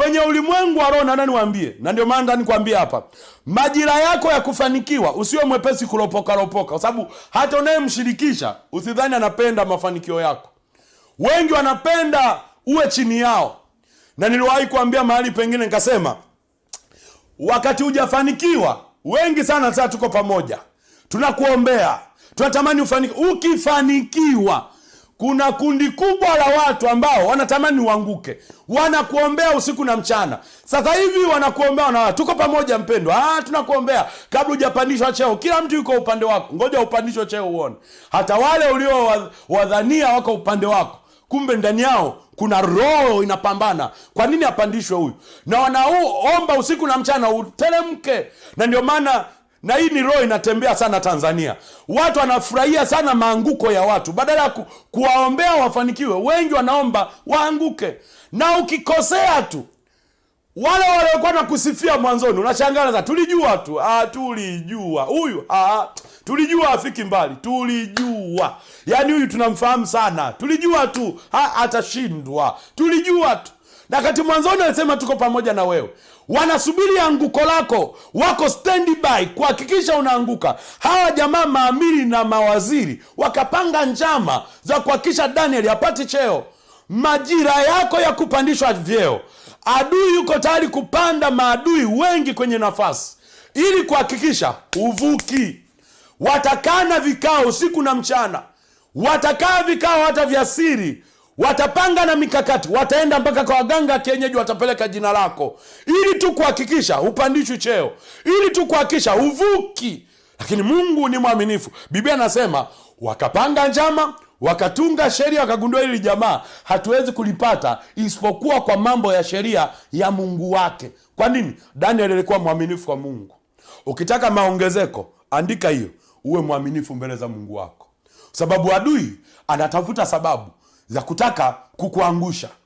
kwenye ulimwengu wa roho. Nana niwaambie, na ndio maana nikuambia hapa, majira yako ya kufanikiwa usiwe mwepesi kuropokaropoka kwa sababu hata unayemshirikisha usidhani anapenda mafanikio yako. Wengi wanapenda uwe chini yao, na niliwahi kuambia mahali pengine nikasema, wakati hujafanikiwa, wengi sana sasa tuko pamoja, tunakuombea, tunatamani ufanikiwa Ukifanikiwa kuna kundi kubwa la watu ambao wanatamani uanguke, wanakuombea usiku na mchana. Sasa hivi wanakuombea, wana tuko pamoja mpendwa, ah, tunakuombea kabla hujapandishwa cheo. Kila mtu yuko upande wako, ngoja upandishwa cheo uone. Hata wale uliowadhania wako upande wako, kumbe ndani yao kuna roho inapambana, kwa nini apandishwe huyu? Na wanaomba usiku na mchana uteremke, na ndio maana na hii ni roho inatembea sana Tanzania. Watu wanafurahia sana maanguko ya watu badala ya ku, kuwaombea wafanikiwe. Wengi wanaomba waanguke, na ukikosea tu wale waliokuwa na kusifia mwanzoni unashangaza tulijua tu, ah, tulijua huyu, ah, tulijua afiki mbali, tulijua yani huyu tunamfahamu sana, tulijua tu atashindwa, tulijua tu na kati mwanzoni alisema tuko pamoja na wewe. Wanasubiri anguko lako, wako standby kuhakikisha unaanguka. Hawa jamaa maamiri na mawaziri wakapanga njama za kuhakikisha daniel apati cheo. Majira yako ya kupandishwa vyeo, adui yuko tayari kupanda maadui wengi kwenye nafasi ili kuhakikisha uvuki. watakaa na vikao usiku na mchana, watakaa vikao hata vya siri watapanga na mikakati, wataenda mpaka kwa waganga kienyeji, watapeleka jina lako ili tu kuhakikisha hupandishwi cheo, ili tu kuhakikisha huvuki. Lakini Mungu ni mwaminifu. Biblia anasema wakapanga njama, wakatunga sheria, wakagundua hili jamaa hatuwezi kulipata isipokuwa kwa mambo ya sheria ya Mungu wake. Kwa nini? Daniel alikuwa mwaminifu kwa Mungu. Ukitaka maongezeko, andika hiyo, uwe mwaminifu mbele za Mungu wako, sababu adui anatafuta sababu za kutaka kukuangusha.